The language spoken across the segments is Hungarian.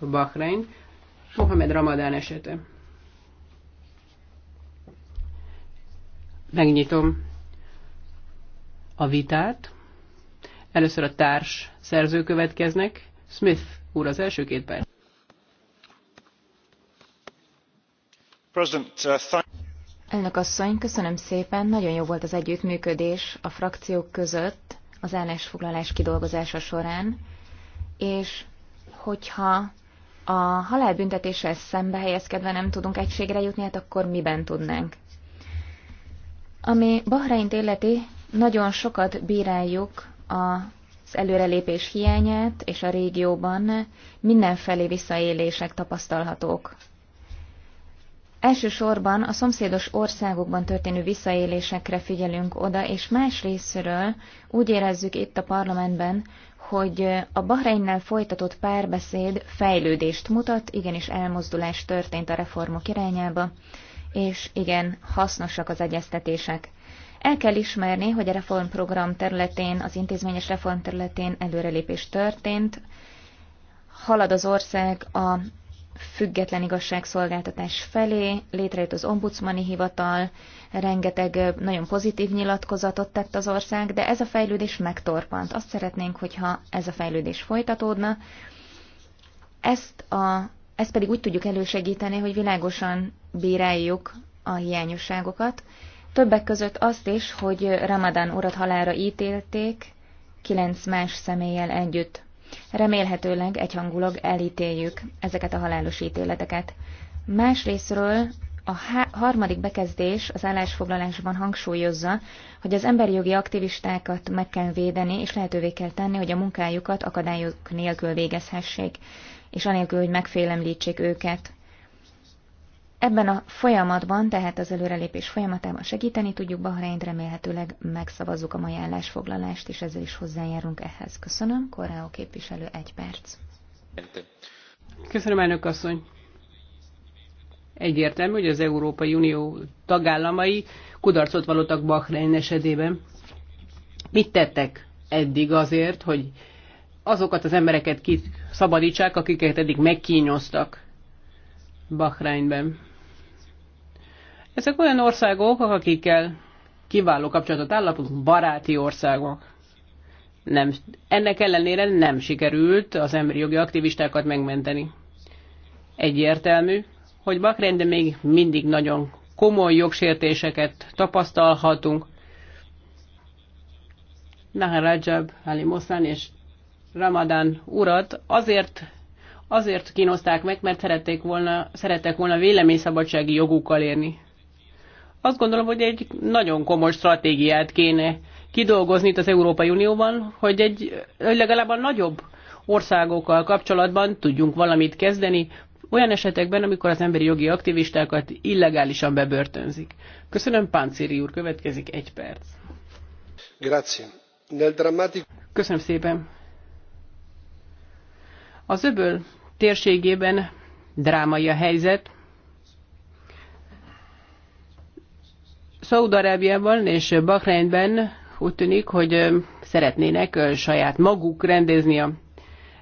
Bahrein, Mohamed Ramadán esete. Megnyitom a vitát. Először a társ szerző következnek. Smith úr az első két perc. Uh, Elnök asszony, köszönöm szépen. Nagyon jó volt az együttműködés a frakciók között az állásfoglalás kidolgozása során, és hogyha a halálbüntetéssel szembe helyezkedve nem tudunk egységre jutni, hát akkor miben tudnánk? Ami Bahreint illeti, nagyon sokat bíráljuk az előrelépés hiányát, és a régióban mindenfelé visszaélések tapasztalhatók. Elsősorban a szomszédos országokban történő visszaélésekre figyelünk oda, és más részről úgy érezzük itt a parlamentben, hogy a Bahreinnel folytatott párbeszéd fejlődést mutat, igenis elmozdulás történt a reformok irányába, és igen, hasznosak az egyeztetések. El kell ismerni, hogy a reformprogram területén, az intézményes reform területén előrelépés történt, halad az ország a független igazságszolgáltatás felé, létrejött az ombudsmani hivatal, rengeteg nagyon pozitív nyilatkozatot tett az ország, de ez a fejlődés megtorpant. Azt szeretnénk, hogyha ez a fejlődés folytatódna. Ezt, a, ezt pedig úgy tudjuk elősegíteni, hogy világosan bíráljuk a hiányosságokat. Többek között azt is, hogy Ramadán urat halára ítélték, kilenc más személlyel együtt. Remélhetőleg egyhangulag elítéljük ezeket a halálos ítéleteket. Másrésztről a harmadik bekezdés az állásfoglalásban hangsúlyozza, hogy az emberi jogi aktivistákat meg kell védeni, és lehetővé kell tenni, hogy a munkájukat akadályok nélkül végezhessék, és anélkül, hogy megfélemlítsék őket. Ebben a folyamatban, tehát az előrelépés folyamatában segíteni tudjuk Bahreint, remélhetőleg megszavazzuk a mai állásfoglalást, és ezzel is hozzájárunk ehhez. Köszönöm. Koreó képviselő, egy perc. Köszönöm, elnök asszony. Egyértelmű, hogy az Európai Unió tagállamai kudarcot vallottak Bahrein esetében. Mit tettek eddig azért, hogy azokat az embereket kiszabadítsák, akiket eddig megkínoztak Bahreinben? Ezek olyan országok, akikkel kiváló kapcsolatot állapodunk, baráti országok. Nem, ennek ellenére nem sikerült az emberi jogi aktivistákat megmenteni. Egyértelmű, hogy Bakrein, még mindig nagyon komoly jogsértéseket tapasztalhatunk. Nahar Rajab, Ali Moszán és Ramadán urat azért, azért kínozták meg, mert szerették volna, szerettek volna véleményszabadsági jogukkal érni. Azt gondolom, hogy egy nagyon komoly stratégiát kéne kidolgozni itt az Európai Unióban, hogy, egy, hogy legalább a nagyobb országokkal kapcsolatban tudjunk valamit kezdeni, olyan esetekben, amikor az emberi jogi aktivistákat illegálisan bebörtönzik. Köszönöm, Páncéri úr, következik egy perc. Grazie. Nel drammatic... Köszönöm szépen. Az öböl térségében drámai a helyzet, Szaudarábiában és Bahreinben úgy tűnik, hogy szeretnének saját maguk rendezni a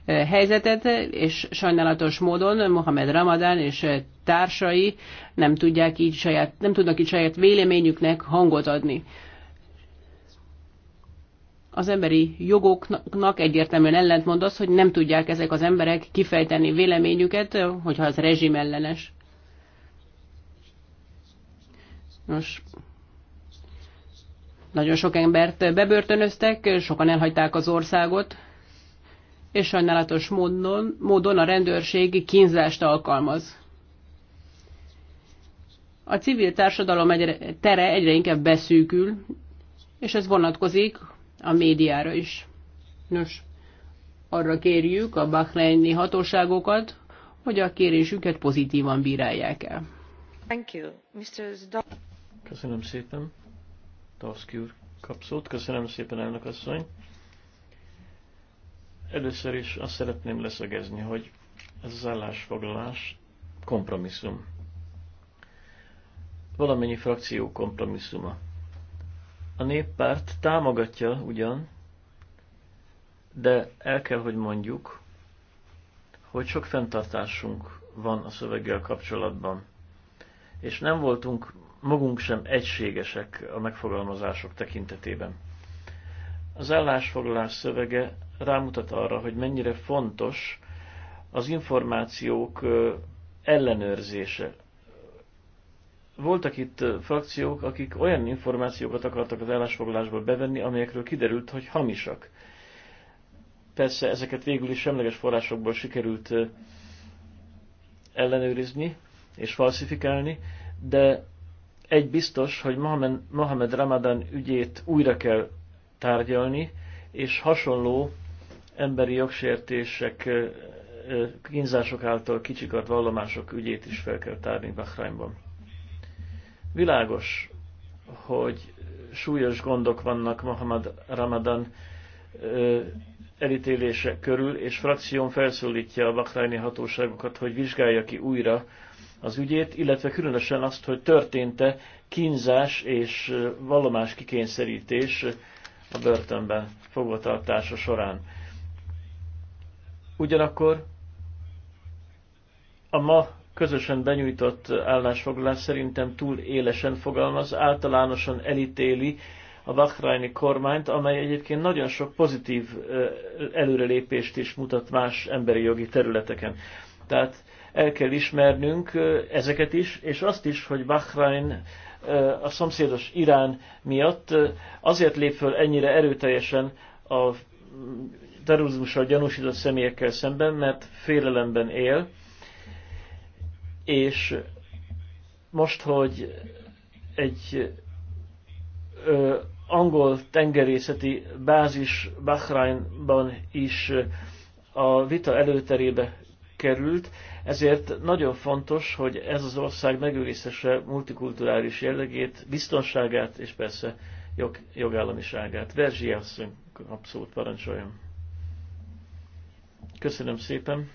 helyzetet, és sajnálatos módon Mohamed Ramadán és társai nem, tudják így saját, nem tudnak így saját véleményüknek hangot adni. Az emberi jogoknak egyértelműen ellentmond az, hogy nem tudják ezek az emberek kifejteni véleményüket, hogyha az rezsim ellenes. Nos, nagyon sok embert bebörtönöztek, sokan elhagyták az országot, és sajnálatos módon, módon a rendőrség kínzást alkalmaz. A civil társadalom egyre, tere egyre inkább beszűkül, és ez vonatkozik a médiára is. Nos, arra kérjük a bahreini hatóságokat, hogy a kérésüket pozitívan bírálják el. Thank you. Mr. Köszönöm szépen. Tavszki úr kap szót. Köszönöm szépen, elnök asszony. Először is azt szeretném leszögezni, hogy ez az állásfoglalás kompromisszum. Valamennyi frakció kompromisszuma. A néppárt támogatja ugyan, de el kell, hogy mondjuk, hogy sok fenntartásunk van a szöveggel kapcsolatban. És nem voltunk magunk sem egységesek a megfogalmazások tekintetében. Az állásfoglalás szövege rámutat arra, hogy mennyire fontos az információk ellenőrzése. Voltak itt frakciók, akik olyan információkat akartak az állásfoglalásból bevenni, amelyekről kiderült, hogy hamisak. Persze ezeket végül is semleges forrásokból sikerült ellenőrizni és falsifikálni, de egy biztos, hogy Mohamed, Mohamed Ramadan ügyét újra kell tárgyalni, és hasonló emberi jogsértések, kínzások által kicsikart vallomások ügyét is fel kell tárni Bahrainban. Világos, hogy súlyos gondok vannak Mohamed Ramadan elítélése körül, és frakción felszólítja a bahraini hatóságokat, hogy vizsgálja ki újra az ügyét, illetve különösen azt, hogy történt-e kínzás és vallomás kikényszerítés a börtönben fogvatartása során. Ugyanakkor a ma közösen benyújtott állásfoglalás szerintem túl élesen fogalmaz, általánosan elítéli a Bahraini kormányt, amely egyébként nagyon sok pozitív előrelépést is mutat más emberi jogi területeken. Tehát el kell ismernünk ezeket is, és azt is, hogy Bahrain a szomszédos Irán miatt azért lép föl ennyire erőteljesen a terrorizmussal gyanúsított személyekkel szemben, mert félelemben él, és most, hogy egy ö, angol tengerészeti bázis Bahrainban is a vita előterébe került, ezért nagyon fontos, hogy ez az ország megőrizhesse multikulturális jellegét, biztonságát és persze jog, jogállamiságát. Verzsi asszony abszolút parancsoljon. Köszönöm szépen.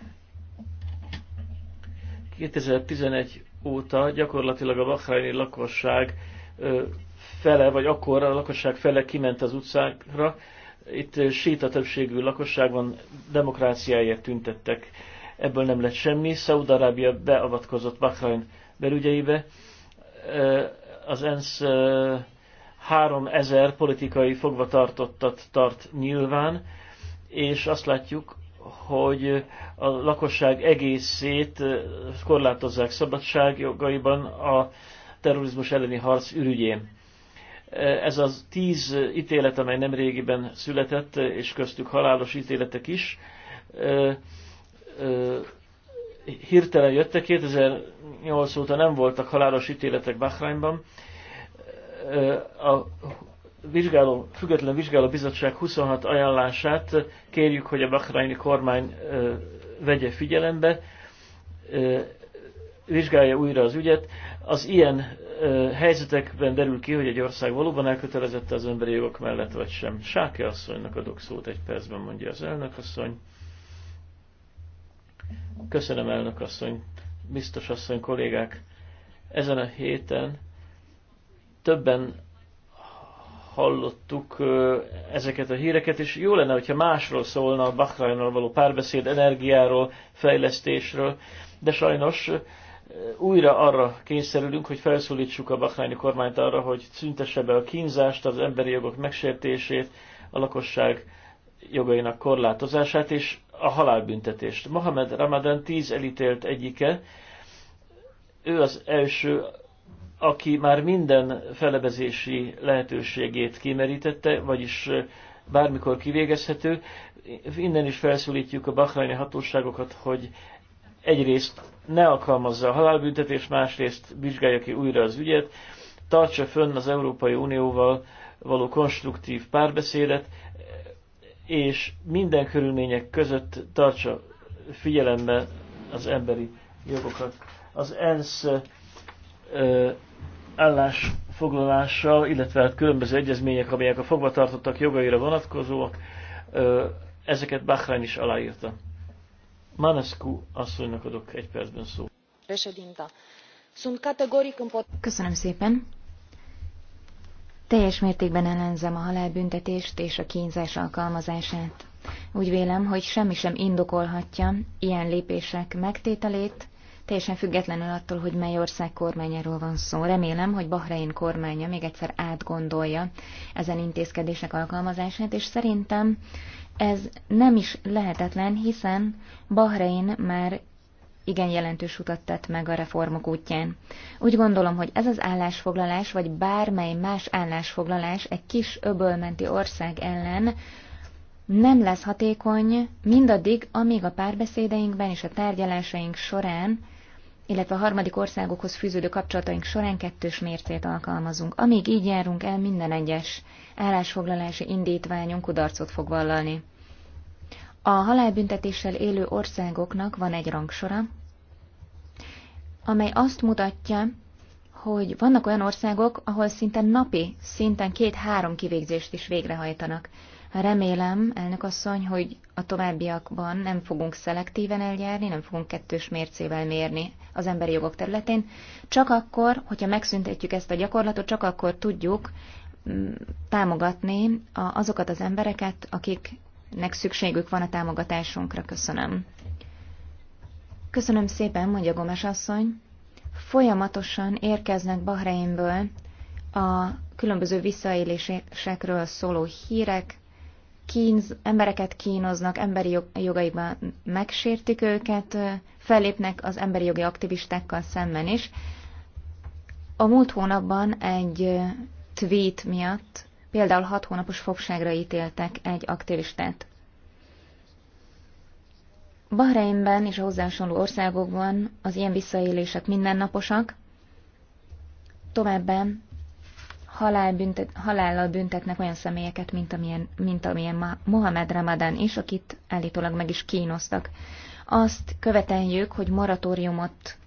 2011 óta gyakorlatilag a bahraini lakosság fele, vagy akkor a lakosság fele kiment az utcákra. Itt síta többségű lakosság van, demokráciáért tüntettek ebből nem lett semmi. Szaudarábia beavatkozott Bahrain belügyeibe. Az ENSZ 3000 politikai fogvatartottat tart nyilván, és azt látjuk, hogy a lakosság egészét korlátozzák szabadságjogaiban a terrorizmus elleni harc ürügyén. Ez az tíz ítélet, amely nem régiben született, és köztük halálos ítéletek is, hirtelen jöttek, 2008 óta nem voltak halálos ítéletek Bahrainban. A vizsgáló, független vizsgáló bizottság 26 ajánlását kérjük, hogy a Bahraini kormány vegye figyelembe, vizsgálja újra az ügyet. Az ilyen helyzetekben derül ki, hogy egy ország valóban elkötelezette az emberi jogok mellett, vagy sem. Sáke asszonynak adok szót egy percben, mondja az elnök asszony. Köszönöm, elnök asszony, biztos asszony, kollégák. Ezen a héten többen hallottuk ezeket a híreket, és jó lenne, hogyha másról szólna a Bahrainról való párbeszéd, energiáról, fejlesztésről, de sajnos újra arra kényszerülünk, hogy felszólítsuk a bahraini kormányt arra, hogy szüntesse be a kínzást, az emberi jogok megsértését, a lakosság jogainak korlátozását, és a halálbüntetést. Mohamed Ramadan tíz elítélt egyike, ő az első, aki már minden felebezési lehetőségét kimerítette, vagyis bármikor kivégezhető. Innen is felszólítjuk a bahraini hatóságokat, hogy egyrészt ne alkalmazza a halálbüntetést, másrészt vizsgálja ki újra az ügyet, tartsa fönn az Európai Unióval való konstruktív párbeszédet, és minden körülmények között tartsa figyelembe az emberi jogokat. Az ENSZ állásfoglalása, illetve hát különböző egyezmények, amelyek a fogvatartottak jogaira vonatkozóak, ö, ezeket Bahrain is aláírta. Manescu asszonynak adok egy percben szó. Köszönöm szépen. Teljes mértékben ellenzem a halálbüntetést és a kínzás alkalmazását. Úgy vélem, hogy semmi sem indokolhatja ilyen lépések megtételét, teljesen függetlenül attól, hogy mely ország kormányáról van szó. Remélem, hogy Bahrein kormánya még egyszer átgondolja ezen intézkedések alkalmazását, és szerintem ez nem is lehetetlen, hiszen Bahrein már igen jelentős utat tett meg a reformok útján. Úgy gondolom, hogy ez az állásfoglalás, vagy bármely más állásfoglalás egy kis öbölmenti ország ellen nem lesz hatékony mindaddig, amíg a párbeszédeinkben és a tárgyalásaink során, illetve a harmadik országokhoz fűződő kapcsolataink során kettős mércét alkalmazunk. Amíg így járunk el, minden egyes állásfoglalási indítványunk kudarcot fog vallalni. A halálbüntetéssel élő országoknak van egy rangsora, amely azt mutatja, hogy vannak olyan országok, ahol szinte napi, szinten két-három kivégzést is végrehajtanak. Remélem, elnök asszony, hogy a továbbiakban nem fogunk szelektíven eljárni, nem fogunk kettős mércével mérni az emberi jogok területén. Csak akkor, hogyha megszüntetjük ezt a gyakorlatot, csak akkor tudjuk mm, támogatni azokat az embereket, akik nek szükségük van a támogatásunkra. Köszönöm. Köszönöm szépen, mondja Gomes asszony. Folyamatosan érkeznek Bahreinből a különböző visszaélésekről szóló hírek, kínz, embereket kínoznak, emberi jogaiban megsértik őket, fellépnek az emberi jogi aktivistákkal szemben is. A múlt hónapban egy tweet miatt Például hat hónapos fogságra ítéltek egy aktivistát. Bahreinben és a hozzásoló országokban az ilyen visszaélések mindennaposak, továbbá halálbüntet, halállal büntetnek olyan személyeket, mint amilyen, mint amilyen Mohamed Ramadan is, akit állítólag meg is kínoztak. Azt követeljük, hogy moratóriumot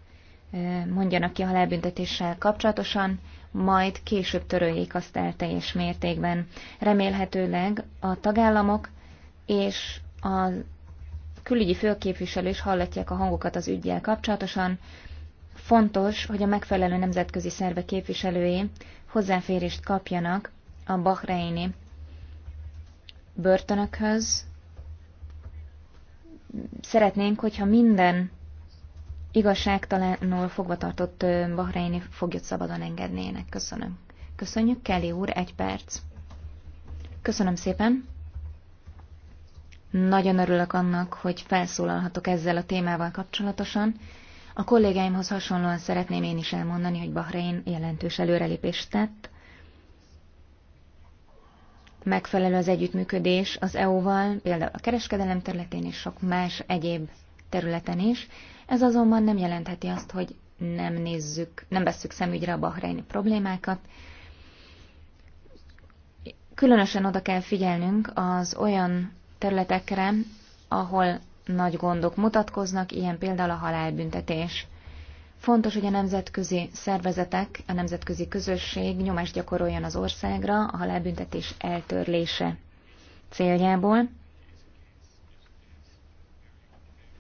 eh, mondjanak ki a halálbüntetéssel kapcsolatosan, majd később töröljék azt el teljes mértékben. Remélhetőleg a tagállamok és a külügyi főképviselő is hallatják a hangokat az ügyjel kapcsolatosan. Fontos, hogy a megfelelő nemzetközi szerve képviselői hozzáférést kapjanak a bahreini börtönökhöz. Szeretnénk, hogyha minden igazságtalanul fogvatartott bahreini foglyot szabadon engednének. Köszönöm. Köszönjük, Kelly úr, egy perc. Köszönöm szépen. Nagyon örülök annak, hogy felszólalhatok ezzel a témával kapcsolatosan. A kollégáimhoz hasonlóan szeretném én is elmondani, hogy Bahrein jelentős előrelépést tett. Megfelelő az együttműködés az EU-val, például a kereskedelem területén és sok más egyéb területen is. Ez azonban nem jelentheti azt, hogy nem nézzük, nem vesszük szemügyre a bahreini problémákat. Különösen oda kell figyelnünk az olyan területekre, ahol nagy gondok mutatkoznak, ilyen például a halálbüntetés. Fontos, hogy a nemzetközi szervezetek, a nemzetközi közösség nyomást gyakoroljon az országra a halálbüntetés eltörlése céljából.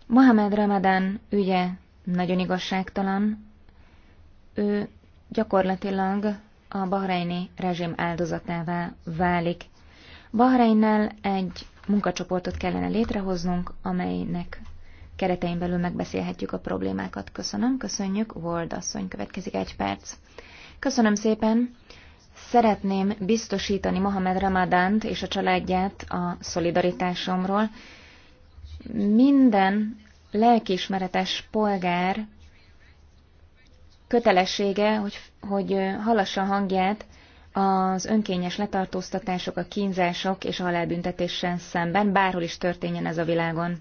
Mohamed Ramadán ügye nagyon igazságtalan. Ő gyakorlatilag a bahreini rezsim áldozatává válik. Bahreinnel egy munkacsoportot kellene létrehoznunk, amelynek keretein belül megbeszélhetjük a problémákat. Köszönöm, köszönjük. Ward asszony következik egy perc. Köszönöm szépen. Szeretném biztosítani Mohamed Ramadánt és a családját a szolidaritásomról, minden lelkiismeretes polgár kötelessége, hogy, hogy hallassa hangját az önkényes letartóztatások, a kínzások és a halálbüntetéssel szemben, bárhol is történjen ez a világon.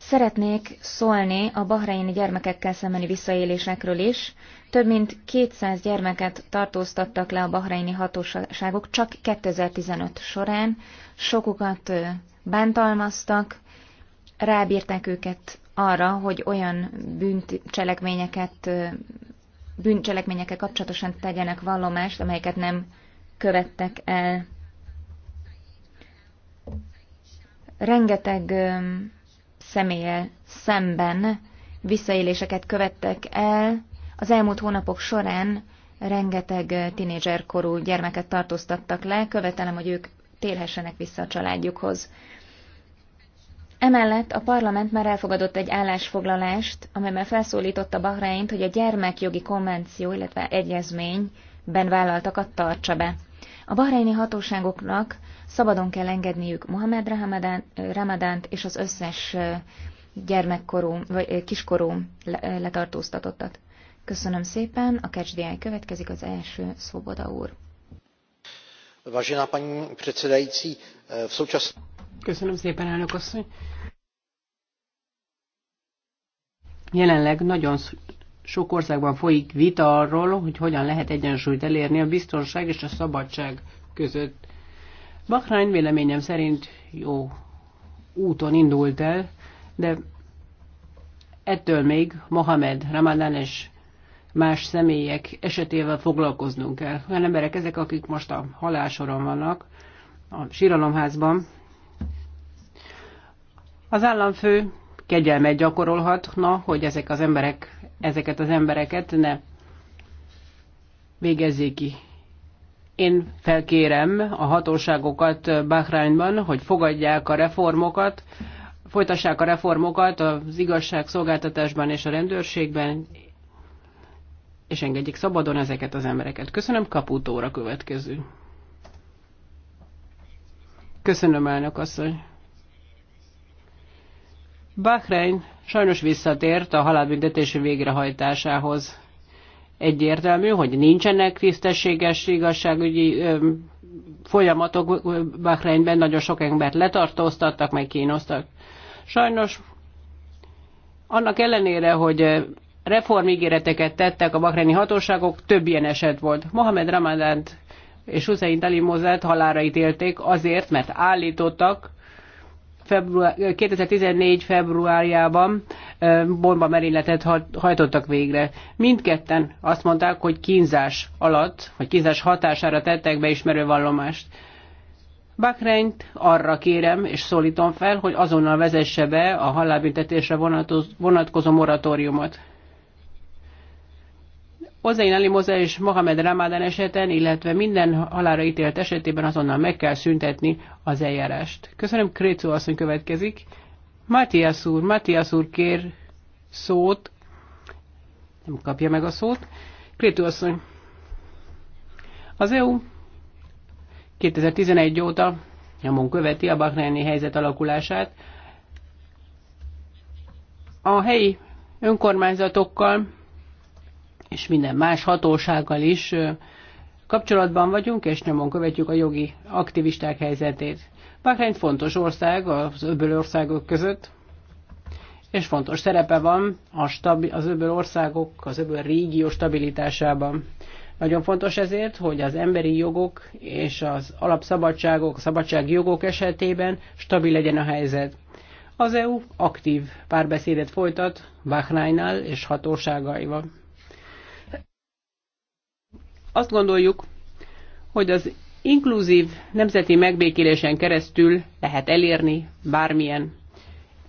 Szeretnék szólni a bahreini gyermekekkel szembeni visszaélésekről is. Több mint 200 gyermeket tartóztattak le a bahreini hatóságok csak 2015 során, sokukat bántalmaztak, rábírták őket arra, hogy olyan bűncselekményeket, bűncselekményekkel kapcsolatosan tegyenek vallomást, amelyeket nem követtek el. Rengeteg személlyel szemben visszaéléseket követtek el. Az elmúlt hónapok során rengeteg tinédzserkorú gyermeket tartóztattak le. Követelem, hogy ők térhessenek vissza a családjukhoz. Emellett a parlament már elfogadott egy állásfoglalást, amelyben felszólította Bahreint, hogy a gyermekjogi konvenció, illetve egyezményben vállaltakat tartsa be. A bahreini hatóságoknak szabadon kell engedniük Mohamed Ramadánt és az összes gyermekkorú, vagy kiskorú letartóztatottat. Köszönöm szépen, a KCDI következik az első Szoboda úr paní předsedající eh, v současné jelenleg nagyon sok országban folyik vita arról, hogy hogyan lehet egyensúlyt elérni a biztonság és a szabadság között. Bahrain véleményem szerint jó úton indult el, de ettől még Mohamed Ramadan és más személyek esetével foglalkoznunk kell. Olyan emberek ezek, akik most a halálsoron vannak, a síralomházban. Az államfő kegyelmet gyakorolhatna, hogy ezek az emberek, ezeket az embereket ne végezzék ki. Én felkérem a hatóságokat Bahrányban, hogy fogadják a reformokat, folytassák a reformokat az igazságszolgáltatásban és a rendőrségben, és engedjék szabadon ezeket az embereket. Köszönöm, Kaputóra következő. Köszönöm, elnök asszony. Bahrein sajnos visszatért a halálbüntetés végrehajtásához. Egyértelmű, hogy nincsenek tisztességes igazságügyi ö, folyamatok Bahreinben, nagyon sok embert letartóztattak, meg kínoztak. Sajnos annak ellenére, hogy reformígéreteket tettek a bahreini hatóságok, több ilyen eset volt. Mohamed Ramadánt és Hussein Dalimozát halára ítélték azért, mert állítottak február, 2014. februárjában merényletet hajtottak végre. Mindketten azt mondták, hogy kínzás alatt, vagy kínzás hatására tettek be ismerő vallomást. Bakrenyt arra kérem és szólítom fel, hogy azonnal vezesse be a halálbüntetésre vonatkozó moratóriumot. Hozzáin Ali Moza és Mohamed Ramadan eseten, illetve minden halára ítélt esetében azonnal meg kell szüntetni az eljárást. Köszönöm, Krécó asszony következik. Matthias úr, Matthias úr kér szót, nem kapja meg a szót. Krécó asszony, az EU 2011 óta nyomon követi a bakrányi helyzet alakulását. A helyi önkormányzatokkal és minden más hatósággal is kapcsolatban vagyunk, és nyomon követjük a jogi aktivisták helyzetét. Bahrein fontos ország az öböl országok között, és fontos szerepe van a stabi- az öböl országok, az öböl régió stabilitásában. Nagyon fontos ezért, hogy az emberi jogok és az alapszabadságok, a szabadságjogok esetében stabil legyen a helyzet. Az EU aktív párbeszédet folytat Bahrainnal és hatóságaival. Azt gondoljuk, hogy az inkluzív nemzeti megbékélésen keresztül lehet elérni bármilyen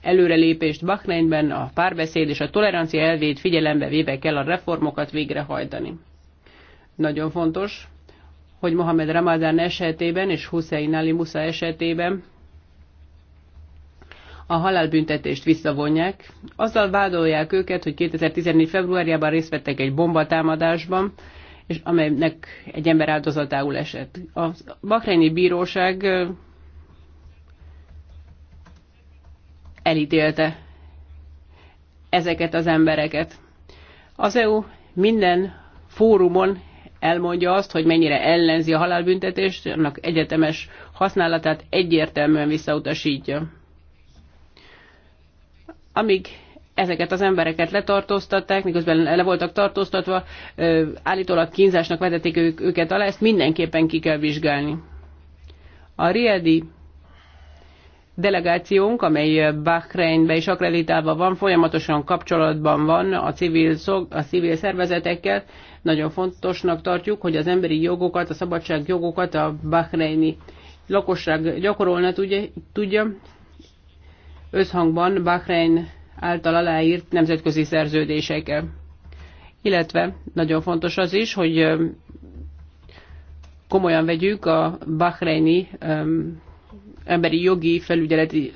előrelépést Bakneinben a párbeszéd és a tolerancia elvét figyelembe véve kell a reformokat végrehajtani. Nagyon fontos, hogy Mohamed Ramadán esetében és Hussein Ali Musa esetében a halálbüntetést visszavonják. Azzal vádolják őket, hogy 2014. februárjában részt vettek egy bombatámadásban, és amelynek egy ember áldozatául esett. A Bahreini Bíróság elítélte ezeket az embereket. Az EU minden fórumon elmondja azt, hogy mennyire ellenzi a halálbüntetést, annak egyetemes használatát egyértelműen visszautasítja. Amíg ezeket az embereket letartóztatták, miközben le voltak tartóztatva, állítólag kínzásnak vetették ők, őket alá, ezt mindenképpen ki kell vizsgálni. A Riedi delegációnk, amely Bahreinbe is akreditálva van, folyamatosan kapcsolatban van a civil, szog, a civil szervezetekkel. Nagyon fontosnak tartjuk, hogy az emberi jogokat, a szabadság jogokat a bahreini lakosság gyakorolna tudja, tudja. összhangban Bahrein által aláírt nemzetközi szerződésekkel. Illetve nagyon fontos az is, hogy komolyan vegyük a bahreini emberi jogi felügyeleti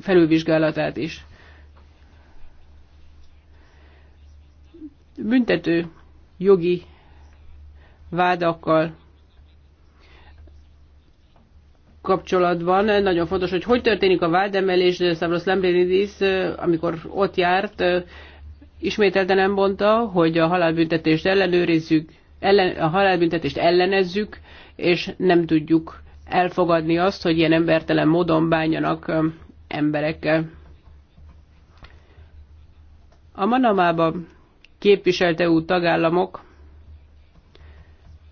felülvizsgálatát is. Büntető jogi vádakkal kapcsolatban nagyon fontos, hogy hogy történik a vádemelés, Stavros Lembrinidis, amikor ott járt, ismételten nem mondta, hogy a halálbüntetést ellenőrizzük, ellen, a halálbüntetést ellenezzük, és nem tudjuk elfogadni azt, hogy ilyen embertelen módon bánjanak um, emberekkel. A Manamában képviselt EU tagállamok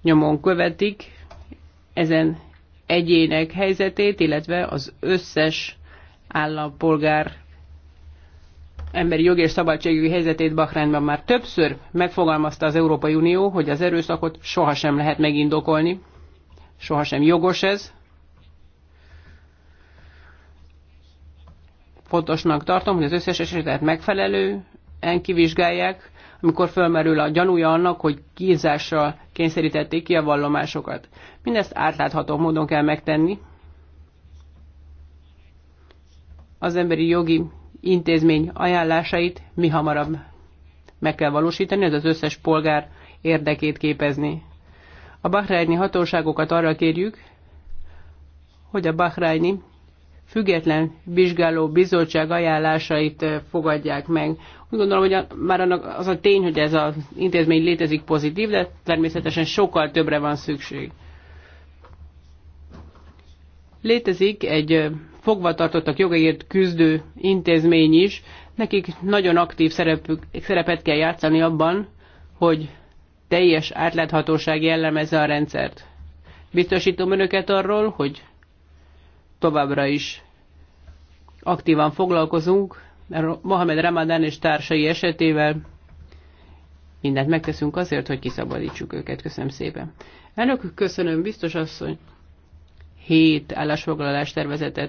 nyomon követik ezen egyének helyzetét, illetve az összes állampolgár emberi jogi és szabadságjogi helyzetét Bahreinben már többször megfogalmazta az Európai Unió, hogy az erőszakot sohasem lehet megindokolni, sohasem jogos ez. Fontosnak tartom, hogy az összes esetet megfelelően kivizsgálják, amikor fölmerül a gyanúja annak, hogy kínzással kényszerítették ki a vallomásokat. Mindezt átlátható módon kell megtenni. Az emberi jogi intézmény ajánlásait mi hamarabb meg kell valósítani, ez az összes polgár érdekét képezni. A bahrájni hatóságokat arra kérjük, hogy a bahrájni független vizsgáló bizottság ajánlásait fogadják meg. Úgy gondolom, hogy a, már annak az a tény, hogy ez az intézmény létezik pozitív, de természetesen sokkal többre van szükség. Létezik egy fogvatartottak jogaiért küzdő intézmény is, nekik nagyon aktív szerepük, szerepet kell játszani abban, hogy teljes átláthatóság jellemezze a rendszert. Biztosítom önöket arról, hogy továbbra is aktívan foglalkozunk, Mohamed Ramadán és társai esetével mindent megteszünk azért, hogy kiszabadítsuk őket. Köszönöm szépen. Elnök, köszönöm, biztos asszony. Hét állásfoglalás tervezetet